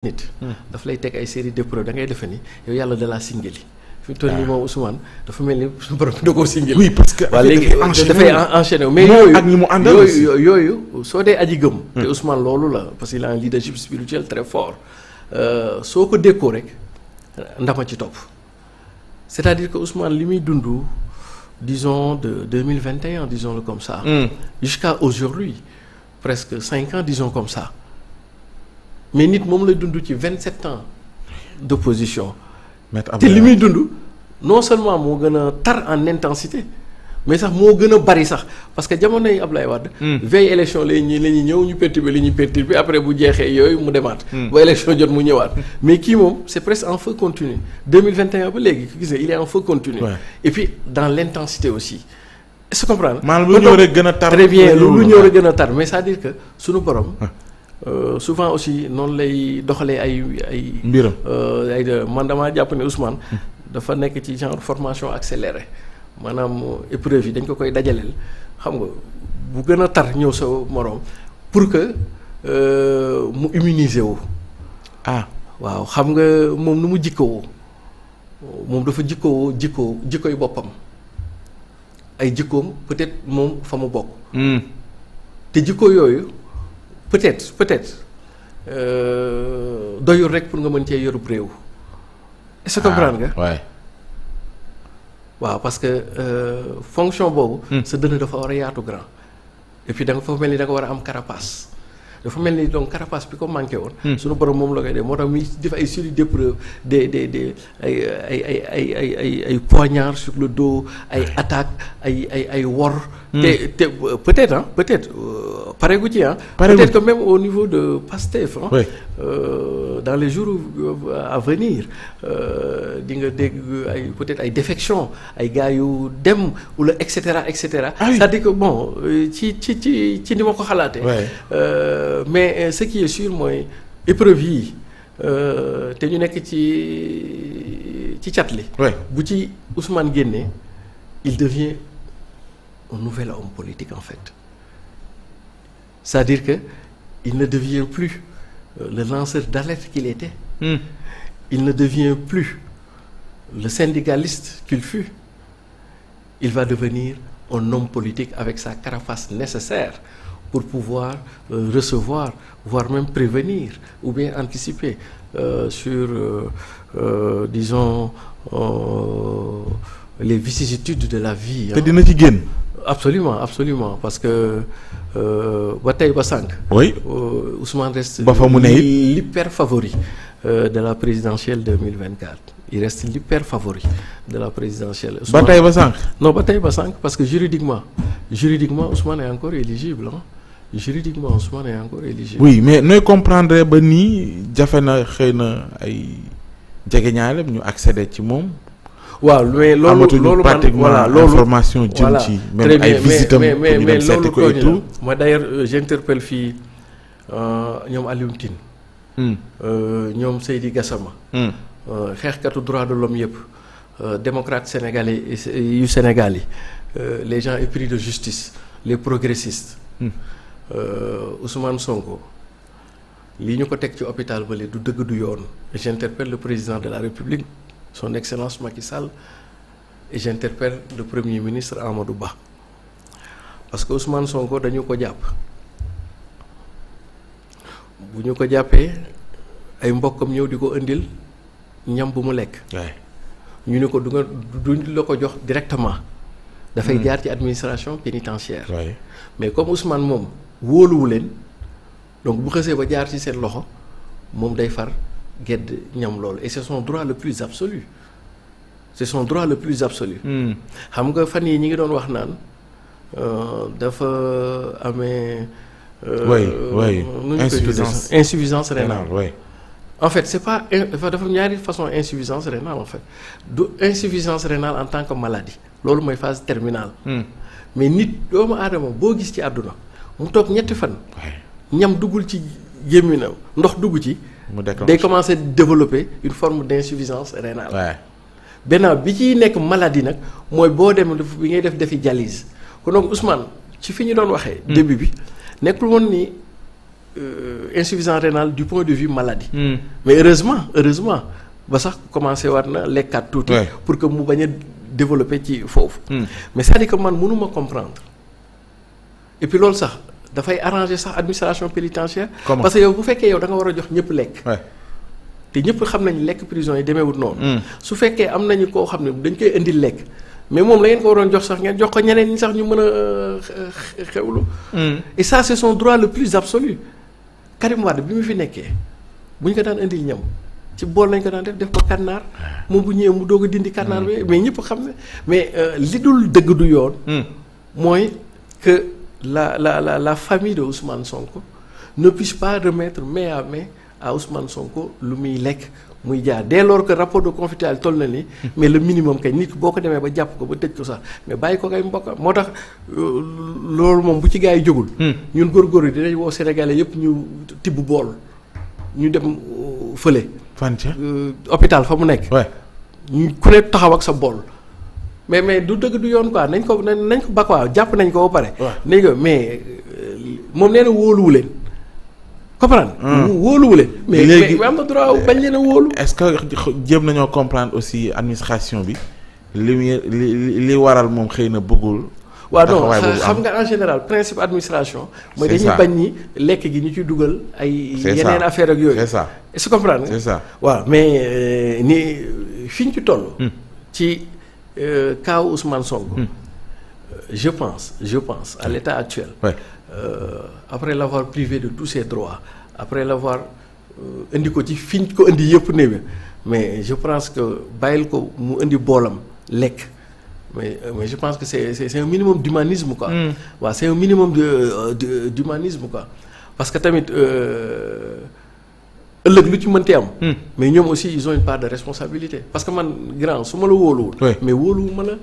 nit daf lay teg ay série d'épreuves da ngay defe ni yow yàlla da laa singali fi toll nii moom Ousmane dafa mel ni suñu borom da koo singali oui parce que léegi dafay enchaîné mais yooyu ak mu àndal yooyu yooyu soo dee aji gëm hmm. te Ousmane loolu la parce qu'il a un leadership spirituel très fort euh, soo ko dékkoo rek ndama ci topp c'est-à-dire que Ousmane li muy dund disons de mille vingt 2021 disons-le comme ça hmm. jusqu'à aujourd'hui presque cinq ans disons comme ça mais nit moom lay dund ci vingt sept ans d'opposition te li muy dund non seulement moo gën a tar en intensité mais sax moo gën a bari sax parce que jamono yi Ablaye Wade. Hmm. veille élection la ñuy la ñuy ñëw ñu perturber li ñuy perturber après bu jeexee yooyu mu demaat. Hmm. ba élection jot mu ñëwaat. Hmm. mais kii moom c'est presque en feu continu 2021 ba léegi gis nga il est en feu continu. et puis dans l'intensité aussi. est-ce que comprendre maanaam lu gën a tar. très bien lu ñëw rek gën a tar mais cest que sunu borom. Euh, souvent aussi noonu lay doxalee ay ay. mbiram euh, ay man damaa jàpp ne Ousmane. dafa nekk ci genre formation accélérée maanaam épreuve yi dañ ko koy dajaleel xam nga bu gën a tar ñëw sa moroom pour que euh, mu immuniser wu. ah waaw xam nga moom nu mu jikkoo moom dafa jikkoo jikkoo jikkoy boppam ay jikkoom peut-être moom fa mu bokk. Hmm. te jikko yooyu. peut-être peut-être euh, doyul rek pour nga mën cee yorub réew. est-ce que ah, comprendre nga. waay waaw parce que euh, boobu. Hmm. sa dënn dafa war a yaatu grand. et puis da fa mel ni da war a am carapace. dafa mel ni donc carapace bi ko manqué woon. Hmm. suñu borom moom la koy def moo tax muy def ay série d'épreuves des des des ay ay ay ay ay ay ay poignards sur le dos ay attaques ay ay ay wor. Hmm. te te peut-être ah peut-être euh, pare gu ci ah. peut-être que au niveau de Pastef ah. Euh, dans les jours à venir euh, di nga dégg ay peut-être ay défection ay gars yu dem wala et cetera et cetera. Ah cest dire que bon ci ci ci ci ni ma ko xalaatee. Euh, mais ce qui est sûr mooy épreuve yi te ñu nekk ci ci cat li. bu ci Ousmane génne il devient un nouvel homme politique en fait c'est-à-dire que il ne devient plus. Euh, le lanceur d'alerte qu'il était. Hmm. Il ne devient plus le syndicaliste qu'il fut. Il va devenir un homme politique avec sa carapace nécessaire pour pouvoir euh, recevoir, voire même prévenir ou bien anticiper euh, sur, euh, euh disons, euh, les vicissitudes de la vie. te dina ci génn. absolument absolument parce que ba tey Ousmane reste. ba fa mu ne l'hyper favori euh, de la présidentielle 2024 il reste l'hyper favori de la présidentielle. Ousmane ba tey ba sànq. tey ba sànq parce que juridiquement juridiquement Ousmane est encore éligible ah juridiquement Ousmane est encore éligible. mais nooy comprendre ba nii jafe na xëy na ay jege jegeñaale ñu accéder ci moom. waaw mais loolu loolu man voilà loolu information jëm ci. même ay visitam mais mais mais loolu tooñ la ma euh, fii. Euh, ñoom Alioune Tine hmm. euh, ñoom Seydi Gassama hmm. euh, xeexkatu droit de l'homme yëpp démocrate sénégalais yu Sénégal yi les gens pris de justice les progressistes hmm. Ousmane Sonko lii ñu ko teg ci hôpital bale du dëgg du yoon et j'interpelle le président de la République son excellence ma Sall et j'interpelle le premier ministre Amadou Ba parce que Ousmane Sonko dañu ko jàpp bu ñu ko jàppee ay mbokkam ñëw di ko indil ñam bu mu lekk. ñu ne ko du nga duñ la ko jox directement. dafay hmm. jaar ci administration pénitentiaire mais comme Ousmane moom wóoluwu leen donc bu xësee ba jaar ci seen loxo moom day far gedd ñam loolu et c'est son droit le plus absolu c'est son droit le plus absolu hmm. xam nga fan yi ñu ngi doon wax naan euh, dafa amee Euh, oui oui euh, insuffisance insuffisance rénale oui. en fait c'est pas dafa ñaari façon insuffisance rénale en fait du insuffisance rénale en tant que maladie loolu mooy phase terminal hmm. mais nit doomu aadama boo gis ci àdduna mu toog ñetti fan. ñam duggul ci gémminam ndox dugg ci. day commencer développer une forme d'insuffisance rénale. benn bi ciy nekk maladie nag mooy boo dem bi ngay def defi dialyse kon donc Ousmane ci fi ñu doon waxee. Hmm. début bi. nekkul woon ni euh, insuffisance rénale du point de vue maladie. Hmm. mais heureusement heureusement ba sax commencé waat na lekkaat tuuti. pour que mu bañ a développer ci foofu. Hmm. mais c'est-à-dire que man mënuma comprendre et puis loolu sax dafay arranger sax administration pénitentiaire parce que yow bu fekkee yow danga war a jox ñëpp lekk. te ñëpp xam nañ lekk prison yi demeewul noonu. Hmm. su fekkee am nañu koo xam ne dañ koy indi lekk. mais moom la ngeen ko waroon jox sax ngeen jox ko ñeneen ñi sax ñu mën a euh, xewlu. Hmm. et ça c'est son droit le plus absolu Karim bi mu fi nekkee bu ñu ko daan indi ñam ci bool nañ ko daan def def ko kànnaar ah. moom bu ñëwee mu doog dindi kànnaar hmm. bi mais ñëpp xam ne mais euh, li dul dëgg du yoon. Hmm. mooy que la la la la famille de Ousmane Sonko ne puisse pas remettre mais à main à Ousmane Sonko lu muy lekk. muy jaar dès lors que rapport de confidentialité toll na ni. mais le minimum kay nit boo ko demee ba jàpp ko ba tëj ko sax mais bàyyi ko kay mbokk moo tax euh, loolu moom bu ci gars yi jógul. Hmm. ñun góorgóor yi dinañ woo Sénégalais yëpp ñu tibb bool ñu dem euh, fële. fan euh, hôpital fa mu nekk. ku ne taxaw ak sa bool. mais mais du dëgg du yoon quoi nañ ko nañ ko ba quoi jàpp nañ ko ba pare. nañ mais moom nee na wóoluwu leen. comprendre. Hmm. wóoluwule. mais mais am na droit bañ leen a wóolu. est-ce que jéem nañoo comprendre aussi administration bi li muy li li waral moom xëy na bëggul. waaw non xam nga en général principe administration. mooy dañuy bañ ni lekk gi ñu ciy dugal. ay yeneen affaire ak yooyu. c'est ça est-ce comprendre c'est ça waaw mais euh, ni fi ñu ci toll. Hmm. ci kaw euh, Ousmane Sonko. Hmm. je pense je pense à l'état actuel. Euh, après l'avoir privé de tous ses droits après l'avoir euh, indi ko ci fiñ ko indi yëpp néew mais je pense que bàyyil ko mu indi boolam lekk mais euh, mais je pense que c'est c'est un minimum d'humanisme quoi. Mm. waa c'est un minimum de d'humanisme quoi parce que tamit ëllëg lu ci mënti am. Mm. mais ñoom aussi ils ont une part de responsabilité parce que man grand su ma la wóoluwul. mais wóoluwu ma la.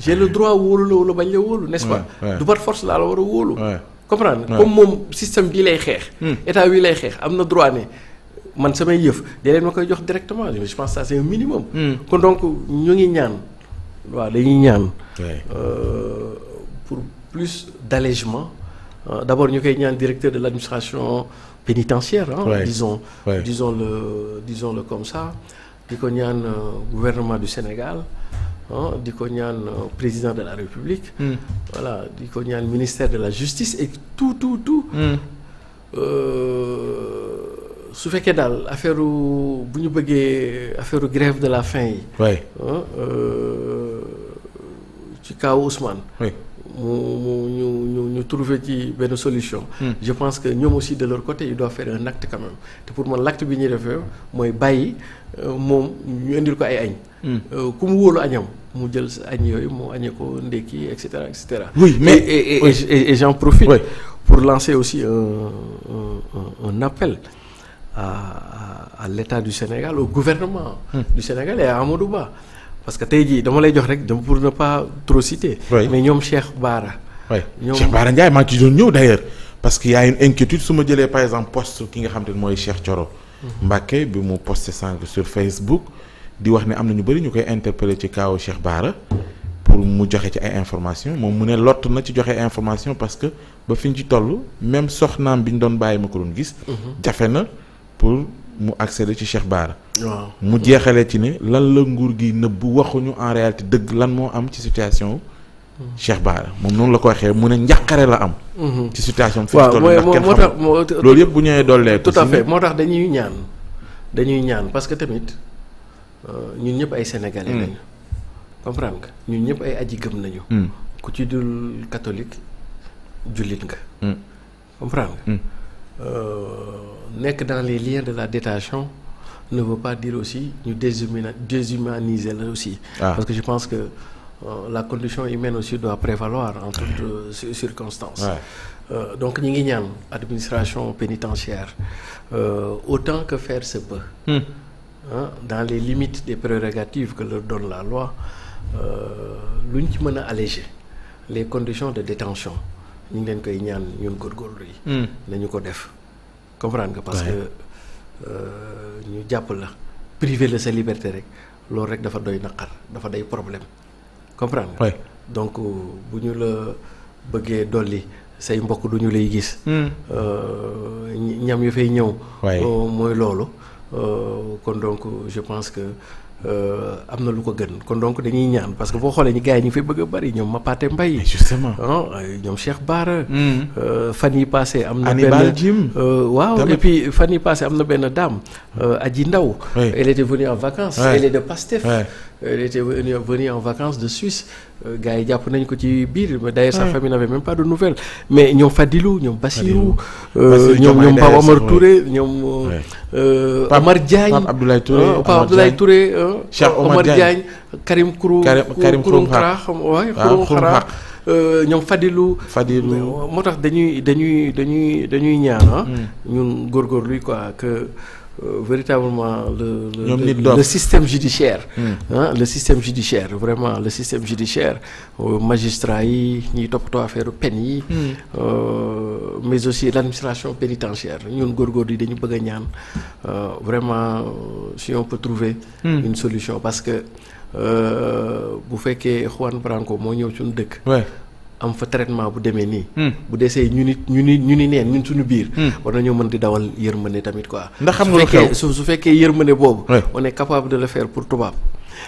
j'ai le droit wóolu la wala bañ la wóolu n'est-ce pas du par force laa la war a wóolu comprendre comme moom système bii lay xeex hmm. état bii lay xeex am na droit ne man samay yëf dee leen ma koy jox directement je pense ça c'est un hmm. kon donc ñu ngi ñaan waaw dañuy ñaan euh, pour plus d'allègement euh, d'abord ñu koy ñaan directeur de l'administration pénitentiaire ah disons disons le disons le comme ça di ko ñaan euh, gouvernement du Sénégal di ko ñaan euh, président de la république. Mm. voilà di ko ñaan ministère de la justice et tout tout tout. Mm. Euh, su fekkee daal affaire bu ñu bëggee affaire grève de la faim yi. oui euh, ci kaw Ousmane. mu mu ñu ñu ñu trouver ci benn solution. Hmm. je pense que ñoom aussi de leur côté ils doivent faire un acte quand même te pour man l' bi ñuy defee mooy bàyyi euh, moom ñu indil ko ay añ. Hmm. Euh, ku mu wóolu añam mu jël sa añ yooyu mu añee ko ndekki et cetera et cetera. oui mais et et, oui. et, pour lancer aussi un un, un appel. à à, du Sénégal au gouvernement. Hmm. du Sénégal et à Amadou Ba. parce que tey jii dama lay jox rek dama pour ne pas trop citer. mais ñoom Cheikh Baara. ñoom Cheikh Baara Ndiaye maa ngi doon ñëw d' ailleurs parce que y' a une inquiétude su ma jëlee par exemple poste ki nga xam te ne mooy Cheikh Thioro. Mhm. Mbacke bi mu posté sànq sur Facebook di wax ne am na ñu bëri ñu koy interpellé ci kaaw Cheikh Baara. pour mu joxe ci ay information moom mu ne lott na ci joxe information parce que ba fi ñu ci toll même soxnaam bi ñu doon bàyyi ma ko doon gis. Mhm. jafe na pour. mu accéder ci Cheikh Bara mu jeexale ci ni lan la nguur gi nëbbu waxuñu en réalité dëgg lan moo am ci situation Cheikh Bara moom noonu la ko waxee mu ne njàqare la am. Mhm. ci situation fi mu toll ndax moo tax yëpp bu ñëwee dollee tout à moo tax dañuy ñaan dañuy ñaan parce que tamit euh, ñun ñëpp ay sénégalais mm. lañu. comprendre nga ñun ñëpp ay aji gëm nañu. Mm. ku ci dul catholique jullit nga. Mm. comprendre nga. Euh, nekk dans les liens de la détention ne veut pas dire aussi ñu déshumaniser la aussi. Ah. parce que je pense que euh, la condition humaine aussi doit prévaloir en toutes euh, circonstances. donc ñi ngi ñaan administration pénitentiaire euh, autant que faire se peut. Hmm. dans les limites des prérogatives que leur donne la loi lu ñu ci mën a alléger les conditions de détention ñu ngi leen koy ñaan ñun góorgóorlu yi. Hmm. nañu ko def comprendre nga. parce que euh, ñu jàpp la privé la sa liberté rek loolu rek dafa doy naqar dafa doy problème comprendre nga. donc euh, bu ñu la bëggee dolli say mbokk du ñu lay gis. Hmm. Euh, ñam yu fay ñëw. mooy loolu. kon donc je pense que. Euh, am na lu ko gën kon donc dañuy ñaan parce que boo xoolee ñi gars yi ñu ngi fi bëgg a bëri ñoom Mapate Mbaye justement ah, ñoom Cheikh Bara hmm. euh, fan yi passé am na benn Jim euh, waaw et fan yi passé am na benn dame Adji Ndaw elle était venue en vacances elle de Pastef elle euh, était en vacances de Suisse euh, gars yi jàpp nañ ko ci biir d'ailleurs sa famille n'avait même pas de nouvelles mais ñoom Fadilou ñoom Bassirou euh, ñoom ñoom Pape Omar Touré ñoom Omar Diagne Pape Abdoulaye Touré Pape Abdoulaye Touré Cheikh Omar Karim Kourou Karim Xurum Xaax waay Xurum Xaax ñoom Fadilou moo tax dañuy dañuy dañuy dañuy ñaan ah. hmm. ñun góorgóorlu quoi que Euh, véritablement le le, le, le, le système judiciaire ah le système judiciaire vraiment le système judiciaire euh, magistrat yi ñuy toppatoo affaire peine yi hmm. euh, mais aussi l'administration pénitentiaire ñun góorgóorlu yi dañu bëgg a ñaan vraiment si on peut trouver hmm. une solution parce que bu fekkee Juan Branco moo ñëw suñu dëkk am fa traitement bu demee nii. Hmm. bu desee ñu ni ñu ni ñu ni neen ñun suñu biir. Hmm. war nañoo mën di dawal yërmande tamit quoi. ndax xam nga lu xew su fekkee yërmande boobu. on est capable de le faire pour tubaab.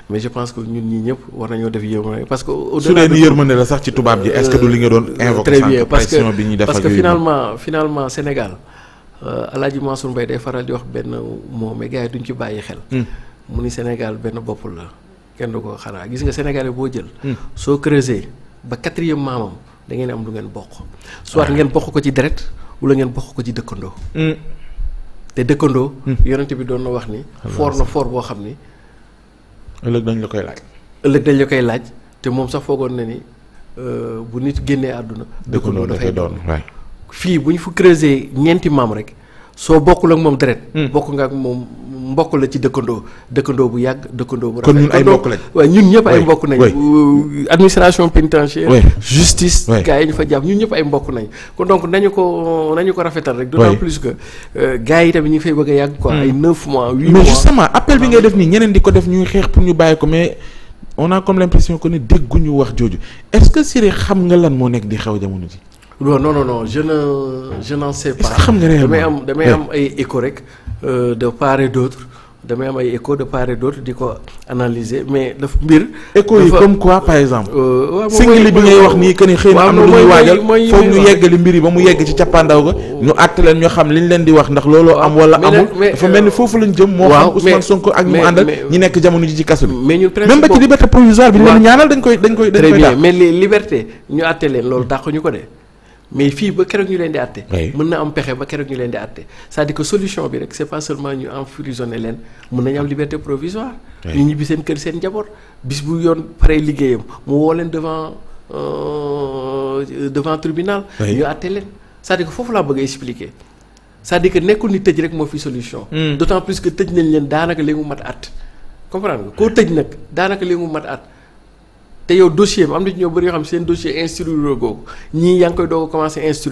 mais je pense que ñun ñii ñëpp war nañoo def yërmande parce que. au delà de su dee yërmande la sax ci tubaab ji est-ce que du li nga doon euh, invoqué. très parce que finalement finalement Sénégal euh, Alaaji Mansour Mbaye day faral di wax benn moom mais gars yi duñ ci bàyyi xel. Hmm. mu ni Sénégal benn bopp la kenn xanaa gis nga Sénégalais boo jël. soo creuser ba quatrième maamam da ngeen am lu ngeen bokk. soit ngeen bokk ko ci deret wala ngeen bokk ko ci dëkkandoo. Hmm. te dëkkandoo. Hmm. yonent bi doon na wax ni. foor na foor boo xam ni. ëllëg dañ la koy laaj. ëllëg dañ la koy laaj te moom sax foogoon na ni euh, bu nit génnee àdduna. dëkkandoo dafay doon fii bu ñu fa creuser ñeenti maam rek. soo bokkul ak moom deret hmm. bokk nga ak moom mbokk la ci dëkkandoo dëkkandoo bu yàgg dëkkandoo bu rafet kon ñun ay mbokk lañ waaw ñun ñëpp ay mbokk nañ euh, administration pénitentiaire justice gars yi ñu fa jàpp ñun ñëpp ay mbokk nañ kon donc nañu ko nañu ko rafetal rek d'autant plus que euh, gars yi tamit ñu ngi fay bëgg a yàgg quoi hmm. ay neuf mois huit mais justement appel bi ngay def nii ñeneen di ko def ñu xeex pour ñu bàyyi ko mais on a comme l'impression que ne dégguñu wax jooju est-ce que Siré xam nga lan moo nekk di xew jamono ji non non non damay am damay am ay écho rek euh, de part et d'autre damay am ay écho de part et d'autre di ko analyser mais daf mbir. écho yi comme quoi par exemple. waaw euh, bi ngay wax nii que ni xëy na am na lu ñuy waajal foog ñu yeggali mbir yi ba mu yegg ci cappaandaw ga. ñu àtte leen ñu xam liñ leen di wax ndax looloo am. wala amul dafa mel ni euh, foofu lañ jëm. moo xam Ousmane Sonko ak ñu àndal ñi nekk jamono ji ci kaso bi. mais ci liberté provisoire bi ñaanal dañ koy dañ koy. dañ koy dàq très bien loolu dàq ñu ko de mais fii ba keroog ñu leen di àtte mën na am pexe ba keroog ñu leen di àtte c'est-à-dire que solution bi rek c'est pas seulement ñu emprisonné leen mën nañu am liberté provisoire ñu ñibbi seen kër seen njaboot bis bu yoon pare liggéeyam mu woo leen devant euh, devant tribunal ñu àtte leen cest à foofu laa bëgg a expliquer cest à nekkul ni tëj rek moo fi solution hmm. d'autant plus que tëj nañ leen daanaka léegi mu mat at comprendre nga koo tëj nag daanaka léegi mu mat at te yow dossier bi am na ci ñoo bëri xam seen dossier instruire ko ñii yaa ngi koy doog a commencé instruire